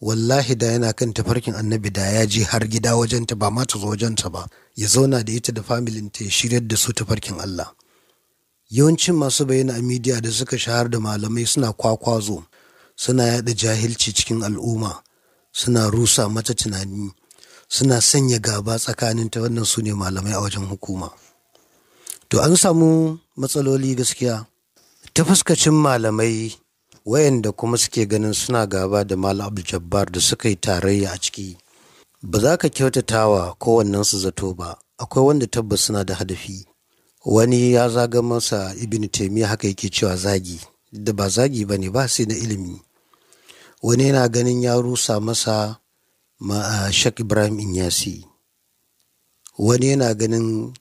wallahi da yana kan tafarkin annabi da ya je har gida wajenta ba ma ta zo wajenta ba ya zauna da ita da familin ta ya shiryar da su tafarkin Allah yawancin masu bayyana a midiya da suka shahar da malamai suna kwakwazo suna yada jahilci cikin al'umma suna rusa mata tunani suna sanya gaba tsakanin ta wannan su ne malamai a wajen hukuma to an samu matsaloli gaskiya ta fuskacin malamai wayanda kuma suke ganin suna gaba da Malam Abdul da suka yi tarayya a ciki. Ba za ka kyautata kyautatawa kowannensu zato ba, akwai wanda tabbas suna da hadafi. Wani ya zaga masa Ibn temi haka yake cewa zagi, da ba zagi ba ne ba sai na ilimi. Wani yana ganin ya rusa masa ma Shak Ibrahim Inyasi. Wani yana ganin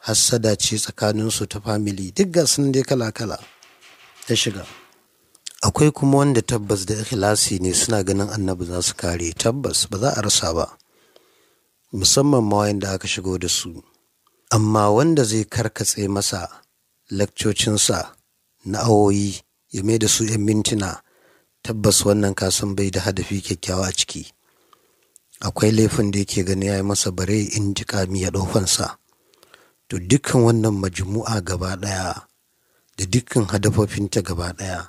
hassada ce tsakaninsu ta famili duk gasun dai kala-kala ta shiga. akwai kuma wanda tabbas da ikhlasi ne suna ganin annabi za su kare tabbas ba za a rasa ba musamman ma da aka shigo da su amma wanda zai karkatse masa lakcocinsa na awoyi ya mai da su 'yan mintuna tabbas wannan kasan bai da hadafi kyakkyawa a ciki akwai laifin da yake gani ya yi masa bare in ji kami ya ɗaufansa to dukkan wannan majmu'a gaba ɗaya da dukkan hadafofinta gaba ɗaya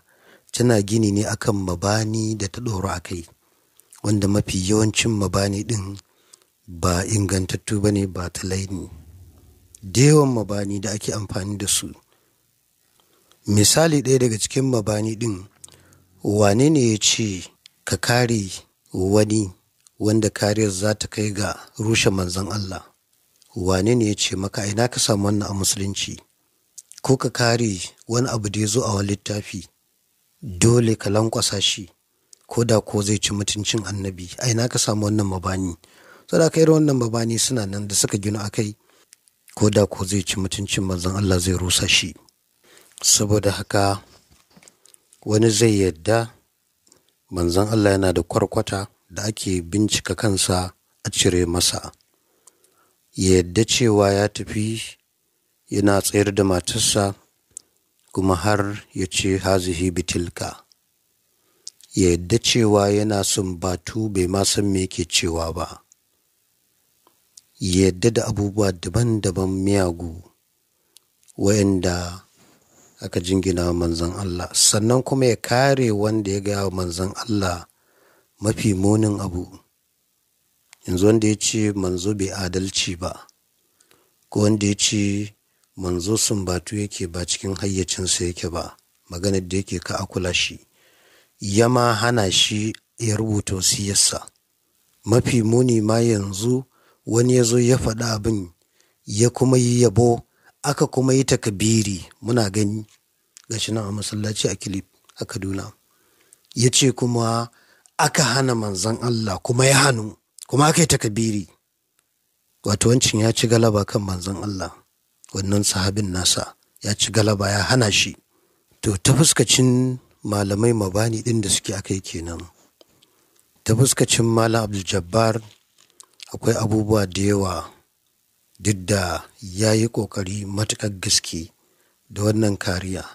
tana gini ne akan mabani da ta ɗoro a kai wanda mafi yawancin mabani ɗin ba ingantattu ba ne ba ta laini dewan mabani da ake amfani da su misali ɗaya daga cikin mabani ɗin wane ne ya ce ka kare wani wanda kariyar za ta kai ga rushe manzon Allah wane ne ya ce maka ina ka samu wannan a musulunci ko ka kare wani abu da ya zo a wani littafi dole ka lankwasa shi ko da ko zai ci mutuncin annabi a ina ka samu wannan mabani saboda da irin wannan mabani suna nan da suka gina akai ko da ko zai ci mutuncin manzon Allah zai rusa shi saboda haka wani zai yadda manzon Allah yana da kwarkwata da ake bincika kansa a cire masa yadda cewa ya tafi yana tsayar da matarsa kuma har ya ce hazihi bitilka ya yadda cewa yana son batu bai ma san me yake cewa ba ya yadda da abubuwa daban-daban miyagu wayanda aka jingina manzan Allah sannan kuma ya kare wanda ya gaya wa manzan Allah mafi munin abu yanzu wanda ya ce manzo bai adalci ba ko wanda ya ce manzo sumbatu yake ba cikin hayyacinsa yake ba maganar da yake ka akula shi yama hana shi ya rubuta wasiyarsa mafi muni ma yanzu wani ya zo ya faɗa abin ya kuma yi yabo aka kuma yi takabiri muna gani shi nan a masallaci a kilif a kaduna ya ce kuma aka hana manzan Allah kuma ya hannu kuma aka yi takabiri wato wancin ya ci galaba kan manzan Allah wannan sahabin nasa ya ci galaba ya hana shi to ta fuskacin malamai mabani ɗin da suke aka yi kenan ta fuskacin malam abdul jabbar akwai abubuwa da yawa duk da ya yi ƙoƙari matuƙar gaske da wannan kariya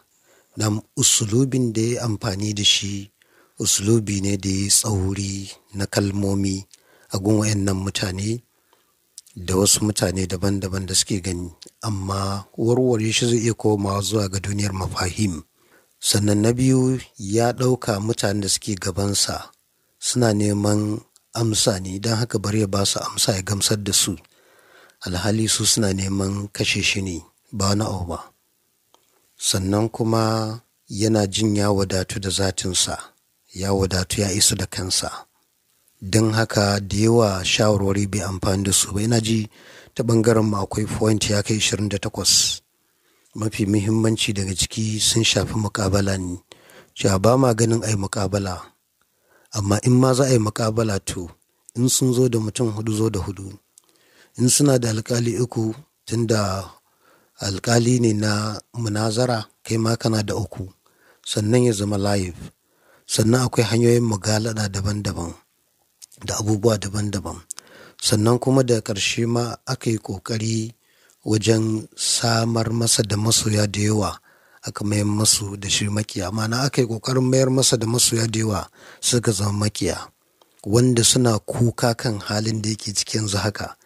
Na usulubin da ya amfani da shi usulubi ne da ya tsauri na kalmomi a gun wayannan mutane da wasu mutane daban-daban da suke gani amma warware shi zai iya komawa zuwa ga duniyar mafahim sannan na biyu ya ɗauka mutane da suke gabansa suna neman amsa ne don haka bari ya ba su amsa ya gamsar da su alhali su suna neman kashe shi ne ba na ba sannan kuma yana jin ya wadatu da zatinsa ya wadatu ya isu da kansa don haka da yawa shawarwari bai amfani da su ba ina ji ta bangaren mu akwai point ya kai 28 mafi muhimmanci daga ciki sun shafi mukabala ne cewa ba ma ganin ai mukabala amma in ma za a yi mukabala to in sun zo da mutum hudu zo da hudu in suna da alkali uku tunda alkali ne na munazara kai ma kana da uku sannan ya zama live sannan akwai hanyoyin mugalada daban-daban da abubuwa daban-daban sannan kuma da ƙarshe ma aka yi ƙoƙari wajen samar masa da masoya da yawa aka mayar masu da shi makiya mana aka yi ƙoƙarin mayar masa da masoya da yawa suka zama makiya wanda suna kuka kan halin da yake ciki yanzu haka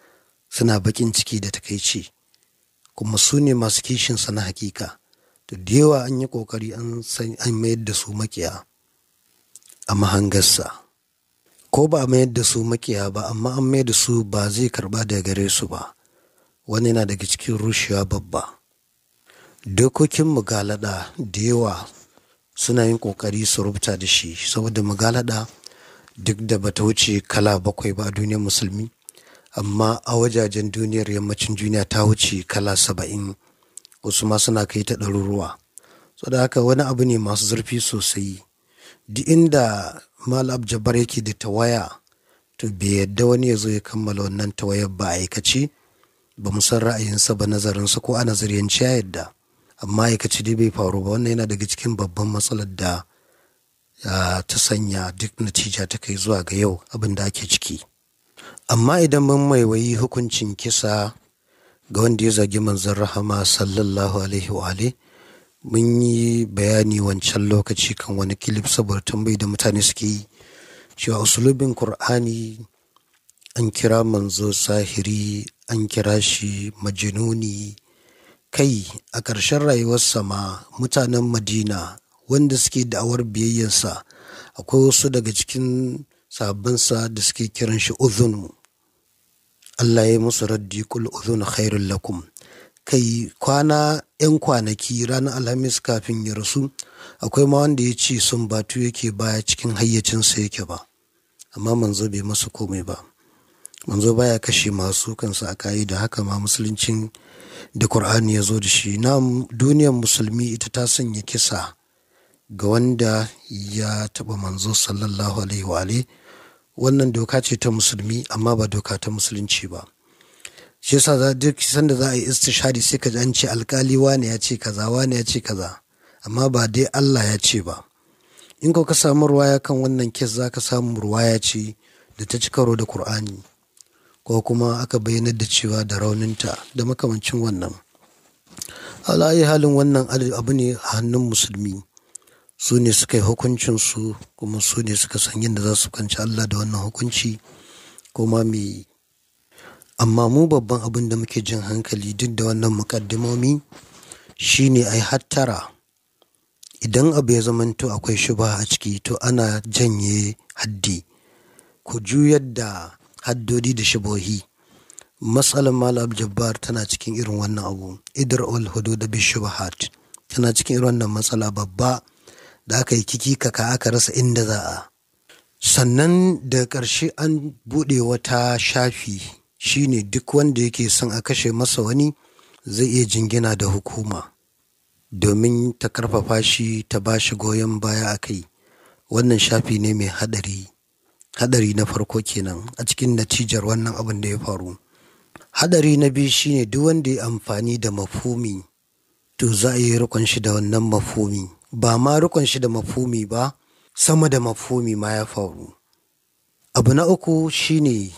suna bakin ciki da takaici kuma su ne masu kishinsa na hakika da yawa an yi ƙoƙari an mayar da su makiya a mahangarsa. ko ba a mayar da su makiya ba amma an mayar da su ba zai karba daga gare su ba wani yana daga cikin rushewa babba dokokin mugalada da yawa suna yin kokari su rubuta da shi saboda mugalada duk da bata wuce kala bakwai ba a duniyar musulmi amma a wajajen duniyar yammacin duniya ta wuce kala saba'in wasu ma suna kai ta ɗaruruwa saboda haka wani abu ne masu zurfi sosai duk inda malab jabbar yake da tawaya to bai yadda wani ya zo ya kammala wannan tawayar ba aikace ba mu san ra'ayinsa ba nazarinsa ko a nazariyance ya yadda amma aikace dai bai faru ba wannan yana daga cikin babban matsalar da ta sanya duk natija ta kai zuwa ga yau abin da ake ciki amma idan mun maiwayi hukuncin kisa ga wanda ya zagi manzon rahama sallallahu alaihi wa Mun yi bayani wancan lokaci kan wani kilif saboda tambayi da mutane suke yi cewa usulubin Kur'ani an kira manzo sahiri, an kira shi majinuni. Kai a ƙarshen rayuwar sama, mutanen Madina wanda suke da'awar biyayyarsa akwai wasu daga cikin sahabbansa da suke kiran shi Uzun. Allah ya yi musu raddi kul Uzun khairul lakum. yi kwana 'yan kwanaki ranar alhamis kafin ya rasu akwai ma wanda ya ce sun batu yake baya cikin hayyacinsa yake ba amma manzo bai masa komai ba manzo baya kashe masu kansa a kayi da haka ma musuluncin da Kur'ani ya zo da shi na duniyar musulmi ita ta sanya kisa ga wanda ya taɓa manzo sallallahu alaihi wa wannan doka ce ta musulmi amma ba doka ta musulunci ba shi yasa za duk sanda za a yi istishari sai ka ji an ce alkali wani ya ce kaza wani ya ce kaza amma ba dai Allah ya ce ba in ka samu ruwaya kan wannan kes za ka samu ruwaya ce da ta ci karo da Kur'ani ko kuma aka bayyana da cewa da rauninta da makamancin wannan alayi halin wannan abu ne a hannun musulmi su ne suka yi hukuncinsu kuma su ne suka san yadda za su kwanci Allah da wannan hukunci kuma mai Amma mu babban abin da muke jin hankali duk da wannan mukaddimomi shine ai hattara. Idan abu ya zamanto akwai shubha a ciki to ana janye haddi. Ku juyar da haddodi da shibohi." Matsalar Malam jabbar tana cikin irin wannan abu. Idar Ol hudud da shubuhat Tana cikin irin wannan matsala babba da aka yi kikikaka aka rasa inda za a. Sannan da ƙarshe an buɗe wata shafi shine duk wanda yake son a kashe masa wani zai iya jingina da hukuma domin ta karfafa shi ta ba shi goyon baya a kai wannan shafi ne mai hadari hadari na farko kenan a cikin natijar wannan abin da ya faru hadari na biyu shine duk wanda ya amfani da mafumi to za a yi rikon shi da wannan mafumi ba ma rikon shi da mafumi ba sama da mafumi ma ya faru abu na uku shine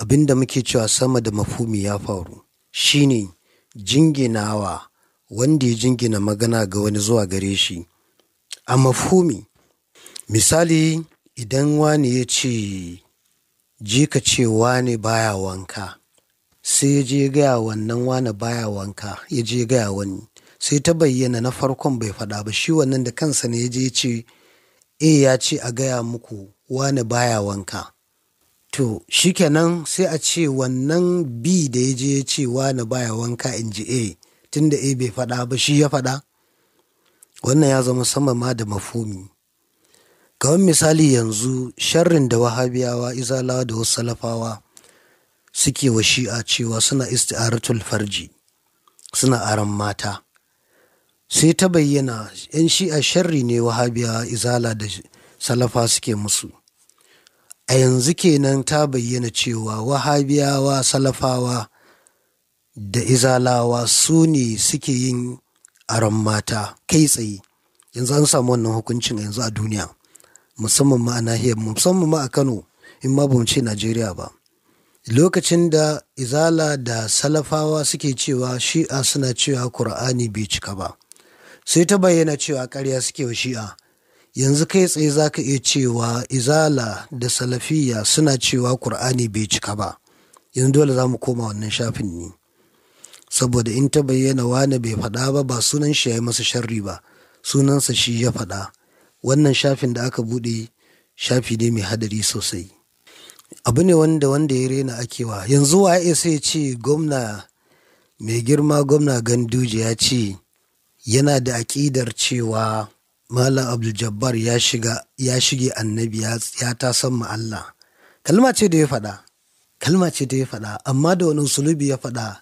abin da muke cewa sama da mafumi ya faru shine jinginawa wanda ya jingina magana ga wani zuwa gare shi a mafumi misali idan wani ya ce je ka ce wani baya wanka sai ya je gaya wannan wani baya wanka ya je gaya wani sai ta bayyana na farkon bai faɗa ba shi wannan da kansa ne ya je ce e ya ce a gaya muku wani baya wanka To shi kenan sai a ce wannan B da ya je cewa na baya wanka in ji A tunda A bai faɗa ba shi ya faɗa. Wannan ya zama sama ma da mafumi. Kawan misali yanzu sharrin da wahabiyawa izalawa da wasu salafawa suke wa shi'a cewa suna isti'aratul farji suna aran mata. Sai ta bayyana 'yan shi'a sharri ne wahabiyawa izala da salafa suke musu. a yanzu kenan ta bayyana cewa wahabiyawa salafawa da izalawa su ne suke yin aron mata kai tsaye yanzu an samu wannan hukuncin yanzu a duniya musamman ma a nahiyar musamman ma a kano in ma bamu ce najeriya ba lokacin da izala da salafawa suke cewa shi'a suna cewa kur'ani bai cika ba sai ta bayyana cewa karya suke wa shi'a yanzu kai tsaye za ka iya cewa izala da salafiya suna cewa ƙur'ani bai cika ba yanzu dole za mu koma wannan shafin ne saboda in ta bayyana wani bai faɗa ba ba sunan shi ya yi masa sharri ba sunansa shi ya faɗa wannan shafin da aka buɗe shafi ne mai hadari sosai abu ne wanda wanda ya rena akewa yanzu wa ya sai ce gwamna mai girma gwamna ganduje ya ce yana da aƙidar cewa Malam Abdul Jabbar ya shiga ya shige annabi ya ta Allah kalma ce da ya faɗa kalma ce da ya faɗa amma da wani sulubi ya faɗa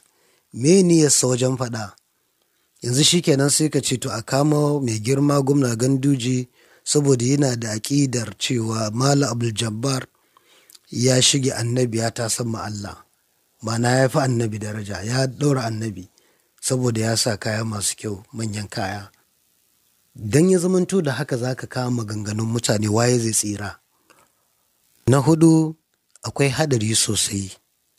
me niyyarsa wajen faɗa yanzu shi shikenan sai ka ce to a kama mai girma gwamna ganduji saboda yana da aƙidar cewa Malam Abdul Jabbar ya shige annabi ya ta san Allah mana ya fi annabi daraja ya ɗaura annabi saboda ya sa kaya masu kyau manyan kaya don ya zamanto da haka za ka kawo maganganun mutane waye zai tsira na hudu akwai hadari sosai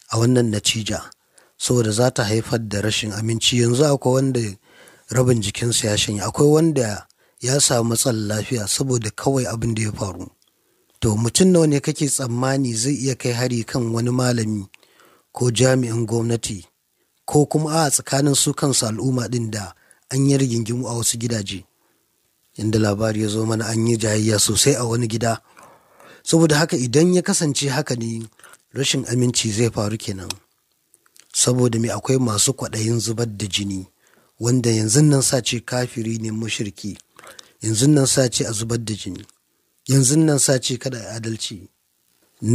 a wannan natija saboda za ta haifar da rashin aminci yanzu akwai wanda rabin jikinsa ya shanye. akwai wanda ya samu matsalar lafiya saboda kawai abin da ya faru to mutum nawa ne kake tsammani zai iya kai hari kan wani malami ko jami'in gwamnati ko kuma a tsakanin su kansu al'umma din da an yi rigingimu a wasu gidaje inda labari ya zo mana an yi jayayya sosai a wani gida saboda haka idan ya kasance haka ne rashin aminci zai faru kenan saboda me akwai masu kwaɗayin zubar da jini wanda yanzu nan sa ce kafiri ne mushriki yanzu nan sa ce a zubar da jini yanzu nan sa ce kada adalci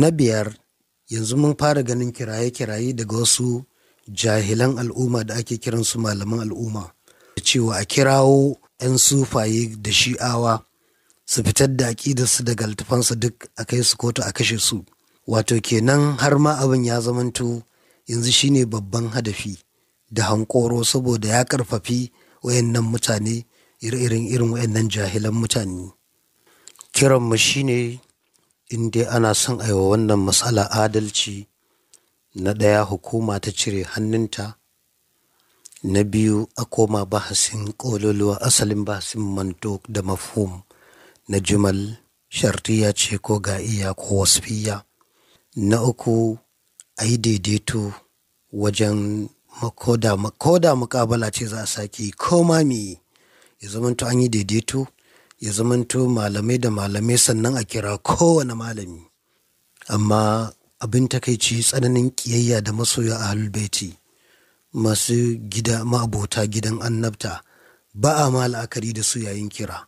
na biyar yanzu mun fara ganin kiraye-kiraye daga wasu jahilan al'umma da ake kiransu malaman al'umma da cewa a kirawo 'yan sufaye da shi'awa su fitar da aƙidarsu daga littafansu duk a kai su kotu a kashe su wato kenan har ma abin ya zamanto yanzu shine babban hadafi da hankoro saboda ya karfafi wayannan mutane ire-iren irin wayannan jahilan mutane kiranmu shine in dai ana son aiwa wannan matsala adalci na ɗaya hukuma ta cire hannunta na biyu a koma bahasin ƙololuwa asalin bahasin manto da mafhum na jimal, shartiya ce ko ga iya, ko wasfiya na uku a yi daidaito wajen makoda makoda ce za a sake ko ma ya zamanto an yi daidaito ya zamanto malamai da malamai sannan a kira kowane malami amma abin takaici tsananin kiyayya da masoya a halbaiti masu gida ma'abota gidan annabta ba a ma la'akari da su yayin kira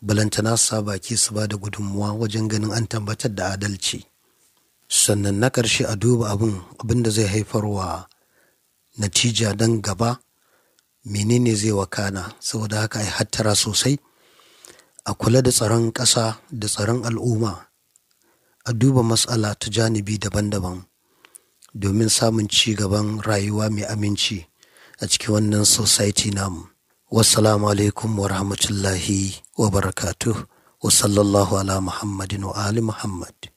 balantana sa baki su ba da gudunmuwa wajen ganin an tabbatar da adalci sannan na ƙarshe a duba abin abin da zai haifarwa natija don gaba menene zai wakana saboda haka ai hattara sosai a kula da tsaron ƙasa da tsaron al'umma a duba matsala ta janibi daban-daban domin samun ci gaban rayuwa mai aminci a cikin wannan society namu. Wassalamu alaikum wa rahmatullahi wa barakatuh wa sallallahu ala Muhammadin wa Ali Muhammad.